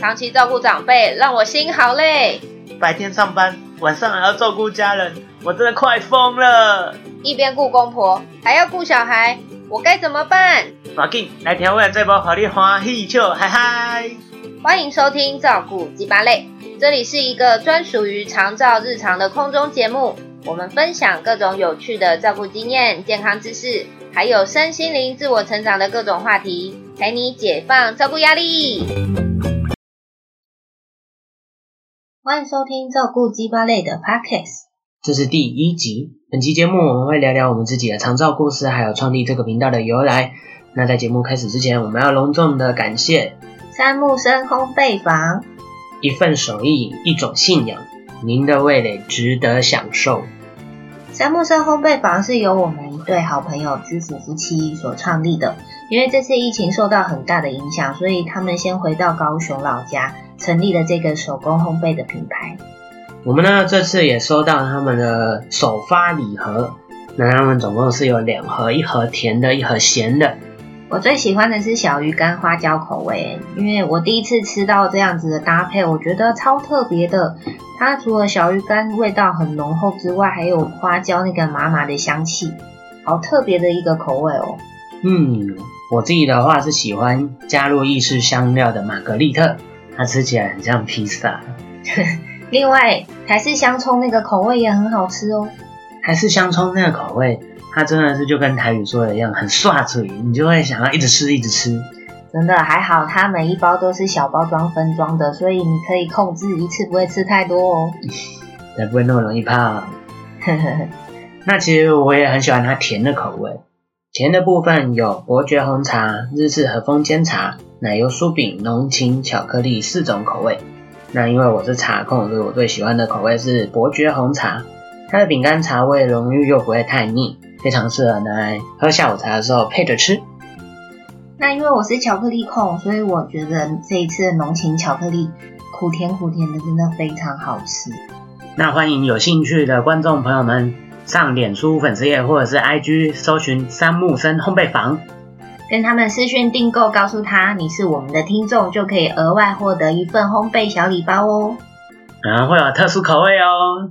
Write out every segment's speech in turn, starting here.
長期照顧長輩，讓我心好累。白天上班，晚上還要照顧家人，我真的快瘋了。一邊顧公婆，還要顧小孩，我該怎麼辦？法定來調味這包讓你歡喜笑，嗨嗨！歡迎收聽照顧雞巴類，這裡是一個專屬於長照日常的空中節目，我們分享各種有趣的照顧經驗、健康知識。還有身心靈、自我成長的各種話題，陪你解放照顧壓力。歡迎收聽照顧雞巴累的 Podcast，這是第一集。本期節目我們會聊聊我們自己的長照故事，還有創立這個頻道的由來。那在節目開始之前，我們要隆重的感謝三木森烘焙坊，一份手藝，一種信仰，您的味蕾值得享受。三木森烘焙坊是由我們一對好朋友居服夫妻所創立的。因為這次疫情受到很大的影響，所以他們先回到高雄老家，成立了這個手工烘焙的品牌。我們呢這次也收到他們的首發禮盒，那他們總共是有兩盒，一盒甜的，一盒鹹的。我最喜歡的是小魚乾花椒口味，因為我第一次吃到這樣子的搭配，我覺得超特別的。它除了小魚乾味道很濃厚之外，還有花椒那個麻麻的香氣，好特別的一個口味哦。嗯，我自己的話是喜歡加入意式香料的瑪格麗特，它吃起來很像披薩。 另外，台式香蔥那個口味也很好吃哦。台式香蔥那個口味。它真的是就跟台語說的一樣，很唰嘴，你就會想要一直吃一直吃。真的還好，它每一包都是小包裝分裝的，所以你可以控制一次，一次不會吃太多哦，才不會那麼容易胖啊。 那其實我也很喜歡它甜的口味，甜的部分有伯爵紅茶、日式和風煎茶、奶油酥餅、濃情巧克力四種口味。那因為我是茶控，所以我最喜歡的口味是伯爵紅茶，它的餅乾茶味濃郁又不會太膩。非常適合拿來喝下午茶的時候配着吃。那因為我是巧克力控，所以我覺得這一次的濃情巧克力，苦甜苦甜的，真的非常好吃。那歡迎有興趣的觀眾朋友們上臉書粉絲頁或者是 IG 搜尋“三木森烘焙坊”，跟他們私訊訂購，告訴他你是我們的聽眾，就可以額外獲得一份烘焙小禮包哦，嗯，會有特殊口味哦。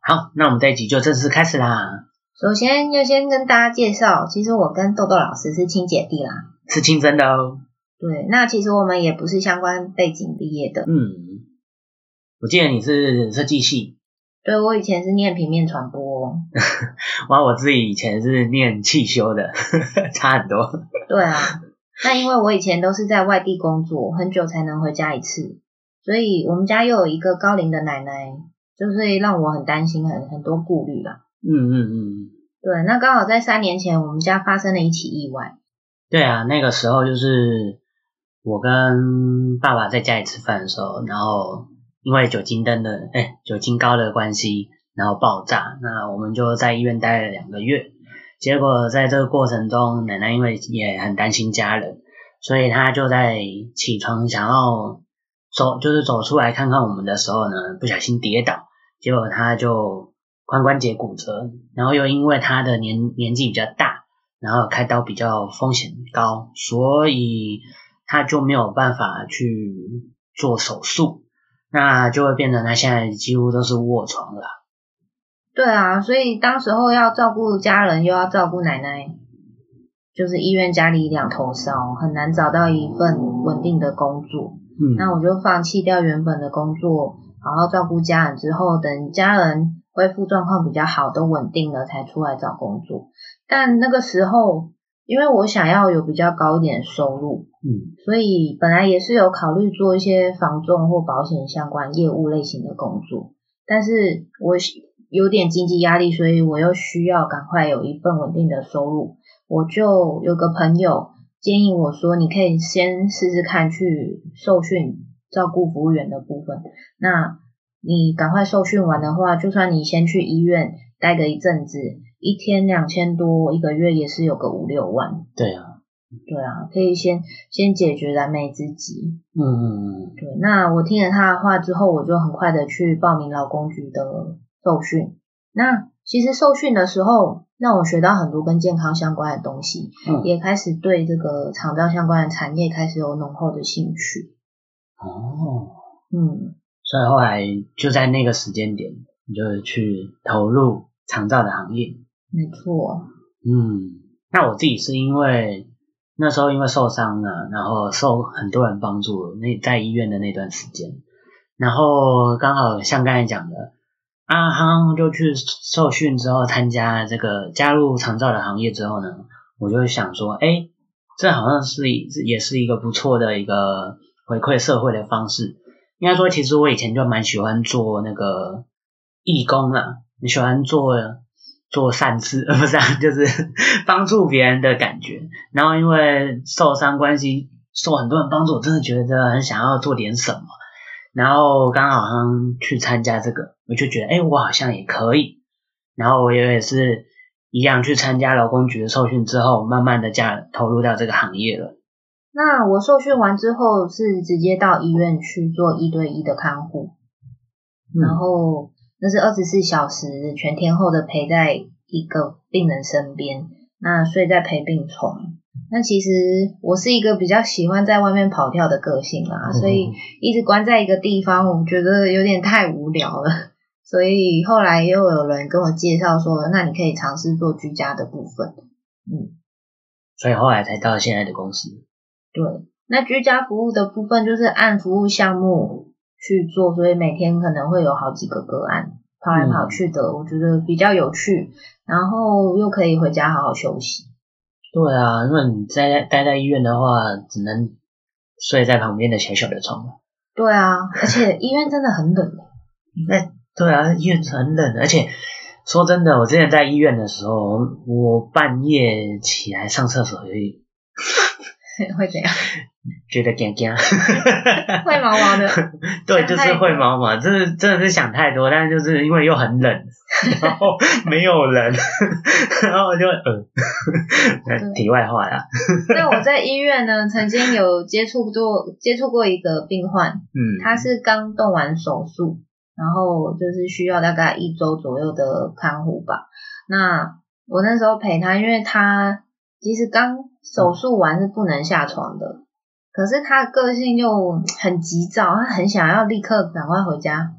好，那我們這一集就正式開始啦。首先要先跟大家介紹，其實我跟豆豆老師是親姐弟啦，是親生的哦。對，那其實我們也不是相關背景畢業的。嗯，我記得你是設計系，對我以前是念平面傳播。 哇，我自己以前是念汽修的， 差很多。對啊，那因為我以前都是在外地工作，很久才能回家一次，所以我們家又有一個高齡的奶奶，就是讓我很擔心，很很多顧慮了。嗯嗯嗯，對，那剛好在三年前，我們家發生了一起意外。對啊，那個時候就是我跟爸爸在家裡吃飯的時候，然後因為酒精燈的哎酒精高的關係，然後爆炸。那我們就在醫院待了兩個月。結果在這個過程中，奶奶因為也很擔心家人，所以她就在起床想要走，就是走出來看看我們的時候呢，不小心跌倒，結果她就。髖關、關節骨折，然後又因為他的年年紀比較大，然後開刀比較風險高，所以他就沒有辦法去做手術，那就會變成他現在幾乎都是臥床了。對啊，所以當時候要照顧家人，又要照顧奶奶，就是醫院家裡兩頭燒，很難找到一份穩定的工作。嗯，那我就放棄掉原本的工作，好好照顧家人之後，等家人。恢復狀況比較好，都穩定了才出來找工作。但那個時候，因為我想要有比較高一點收入，嗯，所以本來也是有考慮做一些房仲或保險相關業務類型的工作。但是我有點經濟壓力，所以我又需要趕快有一份穩定的收入。我就有個朋友建議我說：“你可以先試試看去受訓照顧服務員的部分。”那你趕快受訓完的話，就算你先去醫院待個一陣子，一天兩千多，一個月也是有個五六萬。對啊，對啊，可以先先解決燃眉之急。嗯嗯嗯。對，那我聽了他的話之後，我就很快的去報名勞工局的受訓。那其實受訓的時候，讓我學到很多跟健康相關的東西，嗯，也開始對這個長照相關的產業開始有濃厚的興趣。哦，嗯。所以後來就在那個時間點，你就去投入長照的行業。沒錯。嗯，那我自己是因為那時候因為受傷了，然後受很多人幫助，那在醫院的那段時間，然後剛好像剛才講的，阿亨就去受訓之後，參加這個加入長照的行業之後呢，我就想說，哎，這好像是也是一個不錯的一個回饋社會的方式。應該說，其實我以前就蠻喜歡做那個義工了啊。很喜歡做做善事，不是啊？就是幫助別人的感覺。然後因為受傷關係，受很多人幫助，我真的覺得很想要做點什麼。然後剛好去參加這個，我就覺得，哎，我好像也可以。然後我也是一樣去參加勞工局的受訓之後，慢慢的加投入到這個行業了。那我受訓完之後是直接到醫院去做一對一的看護，然後那是二十四小時全天候的陪在一個病人身邊，那睡在陪病床。那其實我是一個比較喜歡在外面跑跳的個性啦，所以一直關在一個地方，我覺得有點太無聊了。所以後來又有人跟我介紹說，那你可以嘗試做居家的部分。嗯，所以後來才到現在的公司。對，那居家服務的部分就是按服務項目去做，所以每天可能會有好幾個個案跑來跑去的，嗯，我覺得比較有趣，然後又可以回家好好休息。對啊，那你在待,待在醫院的話，只能睡在旁邊的小小的床。對啊，而且醫院真的很冷。 對啊，醫院很冷，而且說真的，我之前在醫院的時候，我半夜起來上廁所。 會怎樣？覺得驚驚，哈 會毛毛的， 對，就是會毛毛， 這是真的是想太多，但是就是因為又很冷，然後沒有人， 然後就呃，題 外話化呀 。那我在醫院呢，曾經有接觸過接觸過一個病患，嗯，他是剛動完手術，然後就是需要大概一周左右的看護吧。那我那時候陪他，因為他。其實剛手術完是不能下床的，嗯、可是他的個性又很急躁，他很想要立刻趕快回家，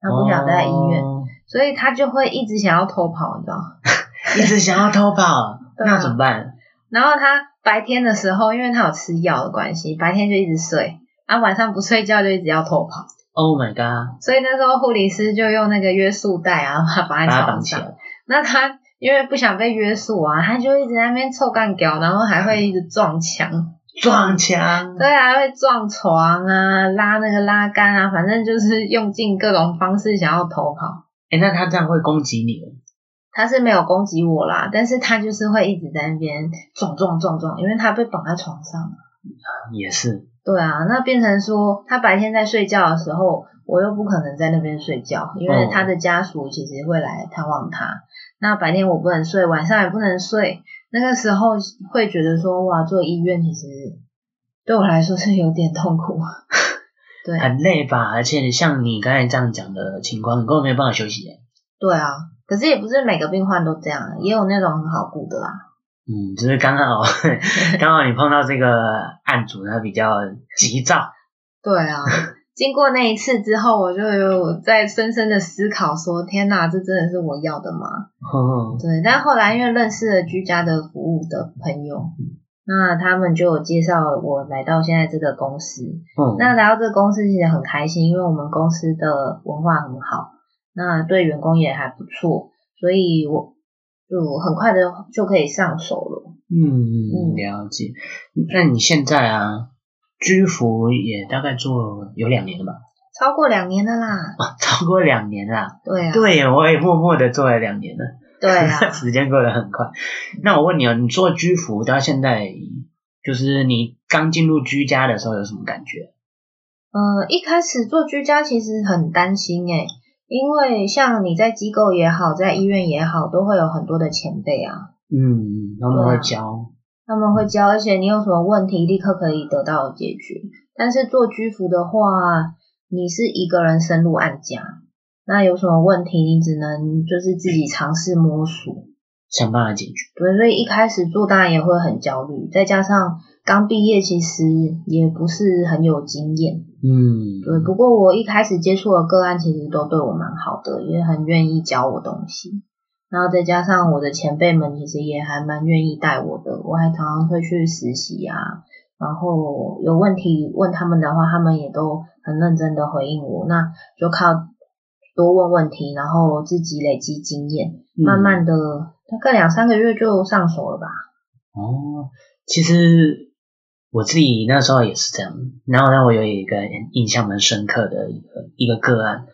他不想待在醫院，哦，所以他就會一直想要偷跑，你知道？ 一直 想要偷跑， 那怎麼辦？然後他白天的時候，因為他有吃藥的關係，白天就一直睡，然後、啊、晚上不睡覺就一直要偷跑。Oh my god！所以那時候護理師就用那個約束帶啊，把他綁起來。那他。因為不想被約束啊，他就一直在那邊臭幹譙，然後還會一直撞牆、嗯，撞牆，對啊，會撞床啊，拉那個拉桿啊，反正就是用盡各種方式想要逃跑。誒、欸、那他這樣會攻擊你嗎？他是沒有攻擊我啦，但是他就是會一直在那邊撞撞撞撞，因為他被綁在床上。也是。對啊，那變成說他白天在睡覺的時候，我又不可能在那邊睡覺，因為他的家屬其實會來探望他。那白天我不能睡，晚上也不能睡。那個時候會覺得說，哇，做醫院其實對我來說是有點痛苦，對啊，很累吧。而且像你剛才這樣講的情況，你根本沒辦法休息。對啊，可是也不是每個病患都這樣，也有那種很好顧的啊。嗯，就是剛好剛好你碰到這個案主，他比較急躁。對啊。經過那一次之後，我就有在深深的思考，說天吶，這真的是我要的嗎？哦。對。但後來因為認識了居家的服務的朋友，嗯、那他們就有介紹我來到現在這個公司。嗯、哦。那來到這個公司也很開心，因為我們公司的文化很好，那對員工也還不錯，所以我就很快的就可以上手了。嗯，了解。嗯、那你現在啊？居服也大概做了有兩年了吧？超過兩年了啦！哦、啊，超過兩年啦！對啊，對啊，我也默默的做了兩年了。對啊， 時間過得很快。那我問你啊，你做居服到現在，就是你剛進入居家的時候有什麼感覺？呃，一開始做居家其實很擔心誒，因為像你在機構也好，在醫院也好，都會有很多的前輩啊。嗯，他們會教。他們會教，而且你有什麼問題立刻可以得到解決。但是做居服的話，你是一個人深入案家，那有什麼問題你只能就是自己嘗試摸索，想辦法解決。對，所以一開始做大也會很焦慮，再加上剛畢業，其實也不是很有經驗。嗯，對。不過我一開始接觸的個案其實都對我蠻好的，也很願意教我東西。然後再加上我的前輩們，其實也還蠻願意帶我的。我還常常會去實習啊，然後有問題問他們的話，他們也都很認真的回應我。那就靠多問問題，然後自己累積經驗，慢慢的大概兩三個月就上手了吧。哦、嗯，其實我自己那時候也是這樣。然後讓我有一個印象蠻深刻的一個一個個案，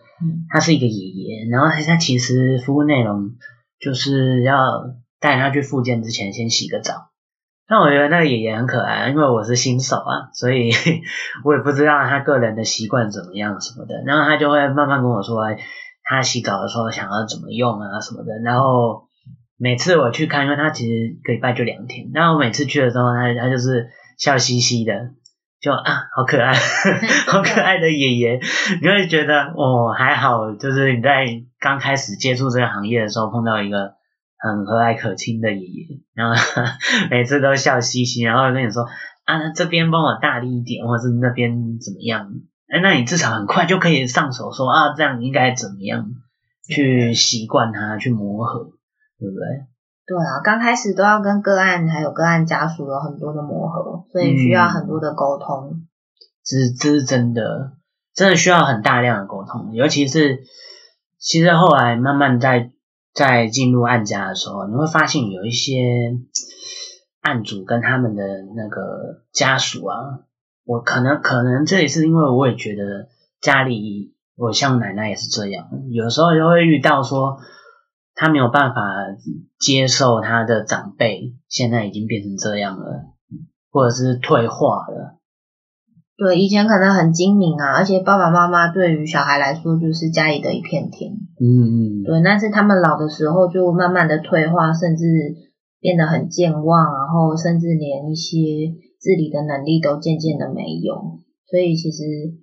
他是一個爺爺，然後他他其實服務內容。就是要帶他去復健之前先洗個澡，但我覺得那個爺爺很可愛，因為我是新手啊，所以我也不知道他個人的習慣怎麼樣什麼的。然後他就會慢慢跟我說他洗澡的時候想要怎麼用啊什麼的。然後每次我去看，因為他其實一個禮拜就兩天，然後我每次去的時候他他就是笑嘻嘻的。就啊，好可愛，好可愛的爺爺，你會覺得哦還好，就是你在剛開始接觸這個行業的時候，碰到一個很和藹可親的爺爺，然後每次都笑嘻嘻，然後跟你說啊這邊幫我大力一點，或是那邊怎麼樣？哎、欸，那你至少很快就可以上手說，說啊這樣應該怎麼樣去習慣它，去磨合，對不對？對啊，剛開始都要跟個案還有個案家屬有很多的磨合，所以需要很多的溝通。嗯，這是這是真的，真的需要很大量的溝通。尤其是，其實後來慢慢在在進入案家的時候，你會發現有一些案主跟他們的那個家屬啊，我可能可能這也是因為我也覺得家裡，我像奶奶也是這樣，有時候就會遇到說。他沒有辦法接受他的長輩現在已經變成這樣了，或者是退化了。對，以前可能很精明啊，而且爸爸媽媽對於小孩來說就是家裡的一片天。嗯嗯。對，但是他們老的時候就慢慢的退化，甚至變得很健忘，然後甚至連一些自理的能力都漸漸的沒有。所以其實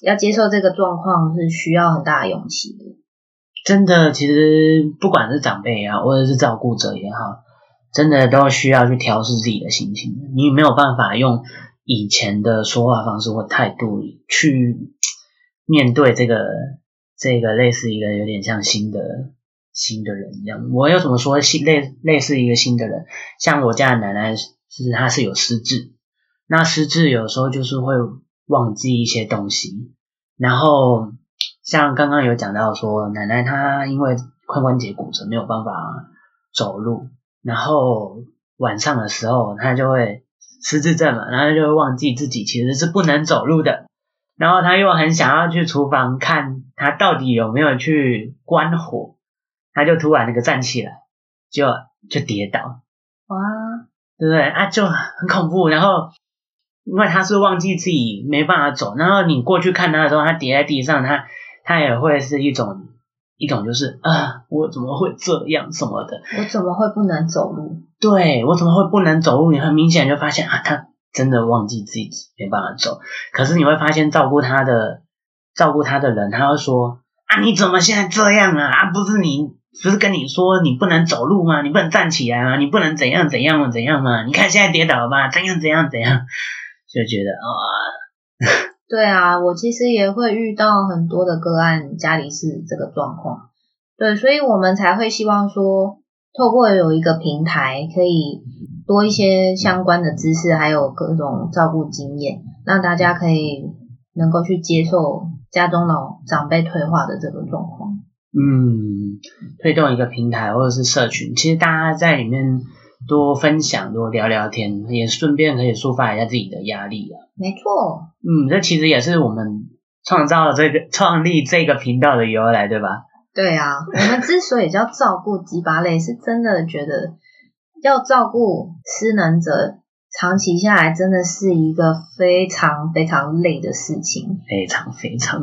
要接受這個狀況是需要很大的勇氣的。真的，其實不管是長輩也好，或者是照顧者也好，真的都需要去調適自己的心情。你沒有辦法用以前的說話方式或態度去面對這個這個類似一個有點像新的新的人一樣。我有怎麼說新類類似一個新的人？像我家的奶奶是她是有失智，那失智有時候就是會忘記一些東西，然後。像剛剛有講到說，奶奶她因為髖關節骨折沒有辦法走路，然後晚上的時候她就會失智症嘛，然後她就會忘記自己其實是不能走路的，然後她又很想要去廚房看她到底有沒有去關火，她就突然那個站起來，就就跌倒，哇，對不對啊？就很恐怖。然後因為她是忘記自己沒辦法走，然後你過去看她的時候，她跌在地上，她。他也會是一種一種，就是啊，我怎麼會這樣什麼的？我怎麼會不能走路？對，我怎麼會不能走路？你很明顯就發現啊，他真的忘記自己沒辦法走。可是你會發現，照顧他的照顧他的人，他會說啊，你怎麼現在這樣啊？啊，不是你不是跟你說你不能走路嗎？你不能站起來嗎、啊？你不能怎樣怎樣怎樣嗎、啊？你看現在跌倒了吧，怎樣怎樣怎樣，就覺得啊。 對啊，我其實也會遇到很多的個案，家裡是這個狀況。對，所以我們才會希望說，透過有一個平台，可以多一些相關的知識，還有各種照顧經驗，讓大家可以能夠去接受家中老長輩退化的這個狀況。嗯，推動一個平台或者是社群，其實大家在裡面多分享、多聊聊天，也順便可以抒發一下自己的壓力啊。沒錯，嗯，這其實也是我們創造了這個、創立這個頻道的由來，對吧？對啊，我們之所以叫照顧幾把累， 是真的覺得要照顧失能者，長期下來真的是一個非常非常累的事情，非常非常。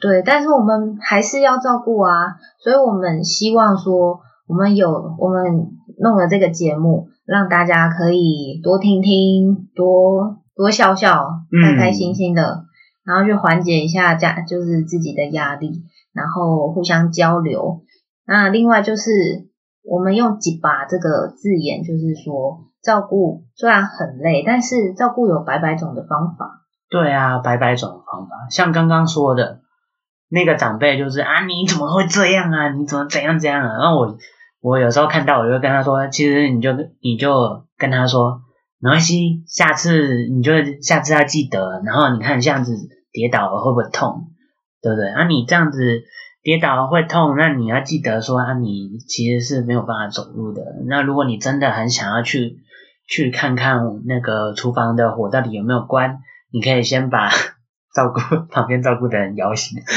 對，但是我們還是要照顧啊，所以我們希望說，我們有我們弄了這個節目，讓大家可以多聽聽多。多笑笑，開開心心的、嗯，然後去緩解一下壓，就是自己的壓力，然後互相交流。那另外就是我們用“幾把”這個字眼，就是說照顧雖然很累，但是照顧有百百種的方法。對啊，百百種的方法，像剛剛說的那個長輩，就是啊，你怎麼會這樣啊？你怎麼怎樣怎樣啊？那我我有時候看到，我就跟他說，其實你就你就跟他說。沒關係，下次你就下次要記得。然後你看你這樣子跌倒了會不會痛，對不對？那、啊、你這樣子跌倒了會痛，那你要記得說啊，你其實是沒有辦法走路的。那如果你真的很想要去去看看那個廚房的火到底有沒有關，你可以先把照顧旁邊照顧的人搖醒。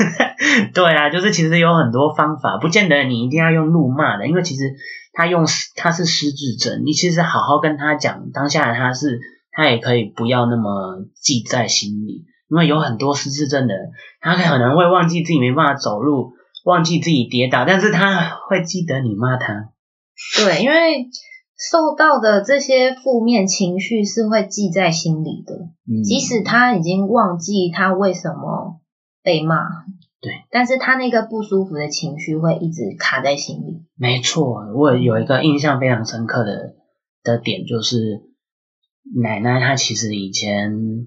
對啊，就是其實有很多方法，不見得你一定要用怒罵的，因為其實。他用他是失智症，你其實好好跟他講，當下的他是他也可以不要那麼記在心裡，因為有很多失智症的人，他可能會忘記自己沒辦法走路，忘記自己跌倒，但是他會記得你罵他。對，因為受到的這些負面情緒是會記在心裡的，嗯，即使他已經忘記他為什麼被罵。對，但是他那個不舒服的情緒會一直卡在心裡。沒錯，我有一個印象非常深刻的的點，就是奶奶她其實以前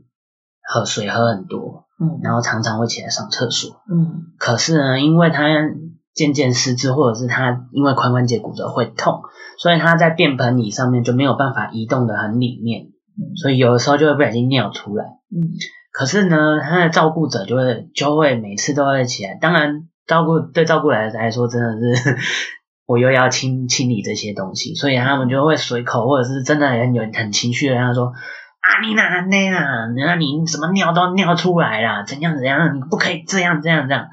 喝水喝很多，嗯，然後常常會起來上廁所，嗯。可是呢，因為她漸漸失智，或者是她因為髖關節骨折會痛，所以她在便盆椅上面就沒有辦法移動得很裡面，嗯，所以有的時候就會不小心尿出來，嗯可是呢，他的照顧者就會就會每次都會起來。當然，照顧對照顧來來說真的是我又要清清理這些東西，所以他們就會隨口或者是真的很有很情緒的跟他說：“啊，你哪哪哪，那、啊、你什麼尿都尿出來了，怎樣怎樣，你不可以這樣這樣這樣。”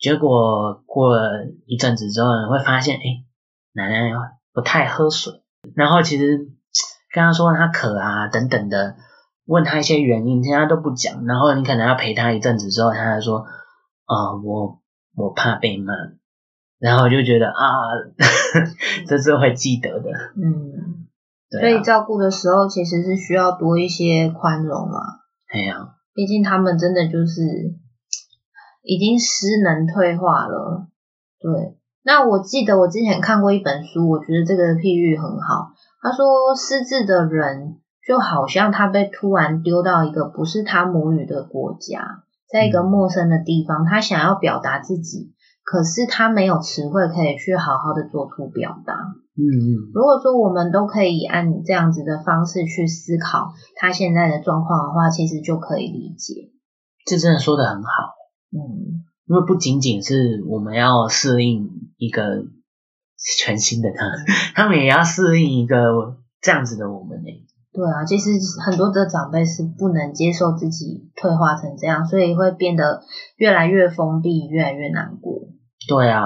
結果過了一陣子之後，會發現，誒、欸、奶奶不太喝水，然後其實跟他說他渴啊等等的。問他一些原因，其他都不講。然後你可能要陪他一陣子之後，他還說：“啊、哦，我我怕被罵。”然後就覺得啊呵呵，這是會記得的。嗯對、啊，所以照顧的時候其實是需要多一些寬容啊。哎呀、啊，畢竟他們真的就是已經失能退化了。對，那我記得我之前看過一本書，我覺得這個譬喻很好。他說，失智的人。就好像他被突然丟到一個不是他母語的國家，在一個陌生的地方，他想要表達自己，可是他沒有詞彙可以去好好的做出表達。嗯嗯，如果說我們都可以按這樣子的方式去思考他現在的狀況的話，其實就可以理解。這真的說得很好。嗯，因為不僅僅是我們要適應一個全新的他，他們也要適應一個這樣子的我們呢、欸。對啊，其實很多的長輩是不能接受自己退化成這樣，所以會變得越來越封閉，越來越難過。對啊，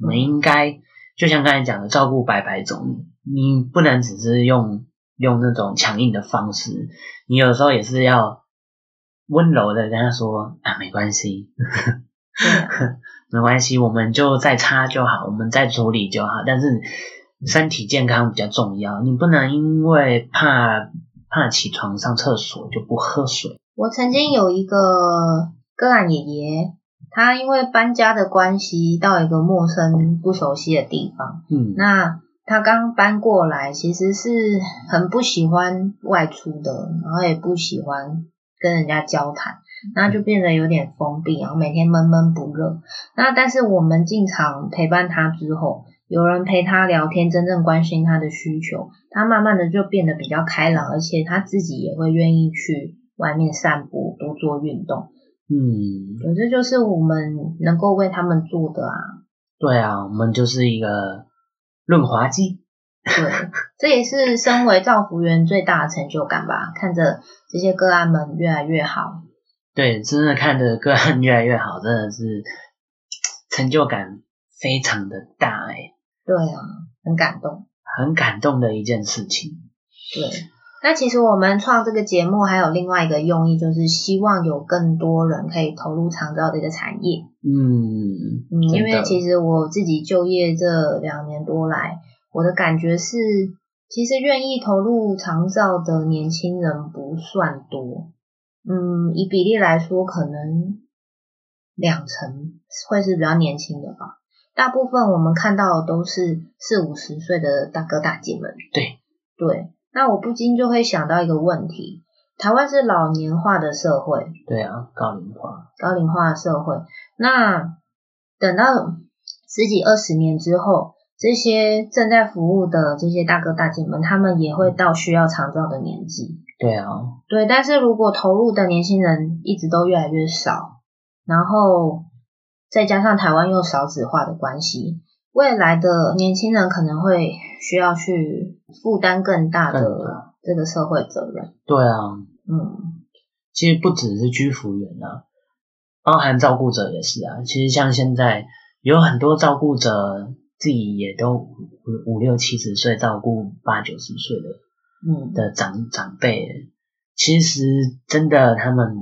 我們應該就像剛才講的，照顧白白總你不能只是用用那種強硬的方式，你有時候也是要溫柔的跟他說啊，沒關係，啊、 沒關係，我們就再擦就好，我們再處理就好，但是。身體健康比較重要，你不能因為怕怕起床上廁所就不喝水。我曾經有一個哥蘭爺爺，他因為搬家的關係到一個陌生不熟悉的地方，嗯，那他剛搬過來，其實是很不喜歡外出的，然後也不喜歡跟人家交談，那就變得有點封閉，然後每天悶悶不樂。那但是我們經常陪伴他之後。有人陪他聊天，真正關心他的需求，他慢慢的就變得比較開朗，而且他自己也會願意去外面散步，多做運動。嗯，可這就是我們能夠為他們做的啊。對啊，我們就是一個潤滑劑。對，這也是身為照服員最大的成就感吧， 看着這些個案們越來越好。對，真的看着個案越來越好，真的是成就感非常的大哎、欸。對啊，很感動，很感動的一件事情。對，那其實我們創這個節目還有另外一個用意，就是希望有更多人可以投入長照的一個產業。嗯嗯，因為其實我自己就業這兩年多來，我的感覺是，其實願意投入長照的年輕人不算多。嗯，以比例來說，可能兩成會是比較年輕的吧。大部分我們看到的都是四五十歲的大哥大姐們。對。對對，那我不禁就會想到一個問題，台灣是老年化的社會。對啊，高齡化。高齡化的社會，那等到十幾二十年之後，這些正在服務的這些大哥大姐們，他們也會到需要長照的年紀。對啊。對，但是如果投入的年輕人一直都越來越少，然後。再加上台灣又少子化的關係，未來的年輕人可能會需要去負擔更大的這個社會責任。對啊，嗯，其實不只是居服員啊，包含照顧者也是啊。其實像現在有很多照顧者自己也都五五六七十歲，照顧八九十歲的，嗯的長長輩，其實真的他們。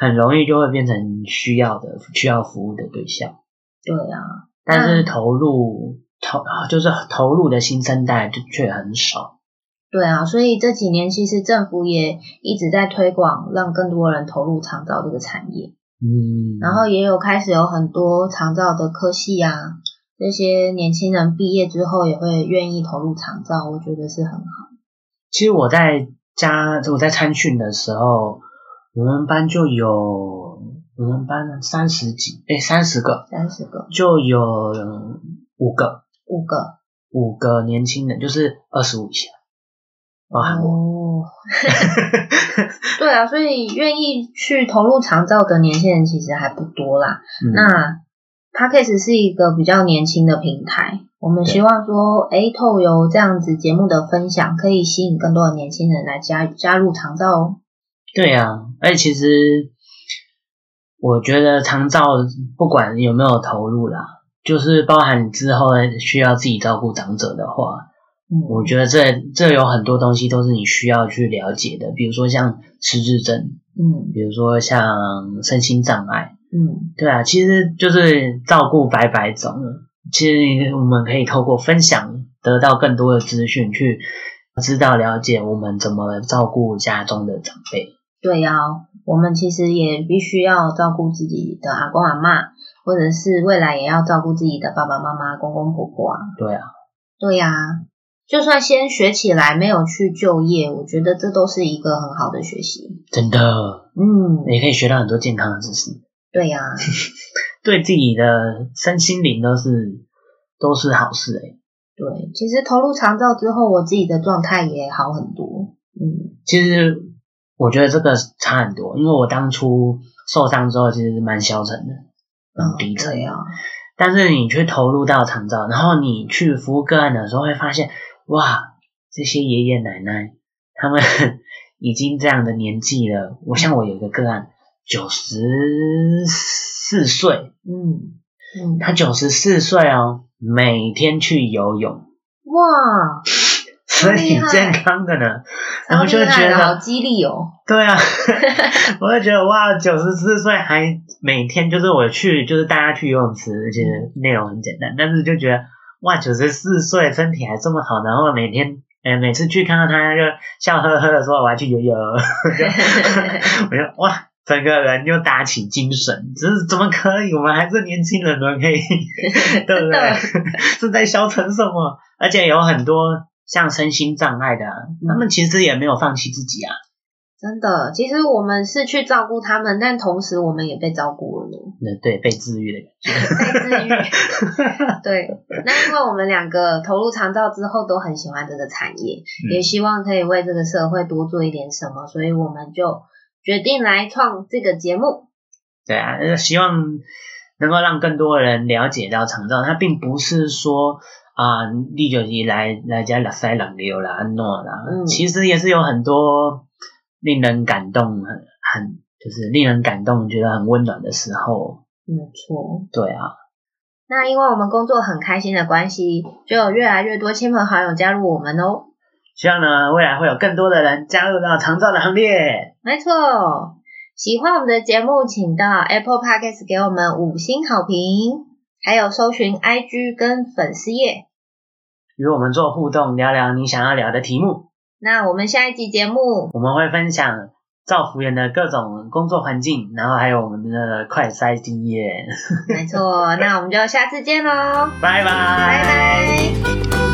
很容易就會變成需要的、需要服務的對象。對啊，但是投入投就是投入的新生代就卻很少。對啊，所以這幾年其實政府也一直在推廣，讓更多人投入長照這個產業。嗯，然後也有開始有很多長照的科系啊，這些年輕人畢業之後也會願意投入長照，我覺得是很好。其實我在家，我在參訓的時候。我們班就有我們班三十幾誒三十個三十個就有五個五個五個年輕人就是二十五以下，包含我，哦 對啊，所以願意去投入長照的年輕人其實還不多啦。嗯、那 Podcast 是一個比較年輕的平台，我們希望說，哎，透過這樣子節目的分享，可以吸引更多的年輕人來加加入長照哦。對呀、啊，而且其實我覺得長照不管有沒有投入啦，就是包含你之後需要自己照顧長者的話，嗯，我覺得這這有很多東西都是你需要去了解的，比如說像失智症，嗯，比如說像身心障礙，嗯，對啊，其實就是照顧百百種，其實我們可以透過分享得到更多的資訊，去知道了解我們怎麼照顧家中的長輩。對呀，我們其實也必須要照顧自己的阿公阿嬤，或者是未來也要照顧自己的爸爸媽媽、公公婆婆啊。對啊，對呀，就算先學起來沒有去就業，我覺得這都是一個很好的學習。真的，嗯，你也可以學到很多健康的知識。對呀， 對自己的身心靈都是都是好事欸。對，其實投入長照之後，我自己的狀態也好很多。嗯，其實。我覺得這個差很多，因為我當初受傷之後，其實是蠻消沉的，很、嗯、低沉、啊。但是你去投入到長照，然後你去服務個案的時候，會發現哇，這些爺爺奶奶他們已經這樣的年紀了。我像我有一個個案，九十四歲，嗯嗯，他九十四歲哦，每天去游泳，哇，所以健康的呢。然後就覺得好激勵哦，對啊，我就覺得哇，九十四歲還每天就是我去就是帶他去游泳池，其實內容很簡單，但是就覺得哇，九十四歲身體還這麼好，然後每天誒、呃、每次去看到他就笑呵呵的說我要去游泳，我就, 我就哇整個人又打起精神，這是怎麼可以？我們還是年輕人都，可以對不對？是 在消沉什麼？而且有很多。像身心障礙的、啊嗯，他們其實也沒有放棄自己啊。真的，其實我們是去照顧他們，但同時我們也被照顧了、嗯、對，被治癒的感覺，被治癒。 對，那因為我們兩個投入長照之後，都很喜歡這個產業、嗯，也希望可以為這個社會多做一點什麼，所以我們就決定來創這個節目。對啊，希望能夠讓更多人了解到長照，它並不是說。啊，第九集來來家勒塞朗流啦、安諾啦，其實也是有很多令人感動很、很很，就是令人感動、覺得很溫暖的時候。沒錯，對啊。那因為我們工作很開心的關係，就有越來越多親朋好友加入我們哦、喔。希望呢，未來會有更多的人加入到長照的行列。沒錯，喜歡我們的節目，請到 Apple Podcast 給我們五星好評。還有搜尋 IG 跟粉絲頁，與我們做互動，聊聊你想要聊的題目。那我們下一集節目，我們會分享照服員的各種工作環境，然後還有我們的快篩經驗。 沒錯，那我們就下次見嘍，拜拜，拜拜。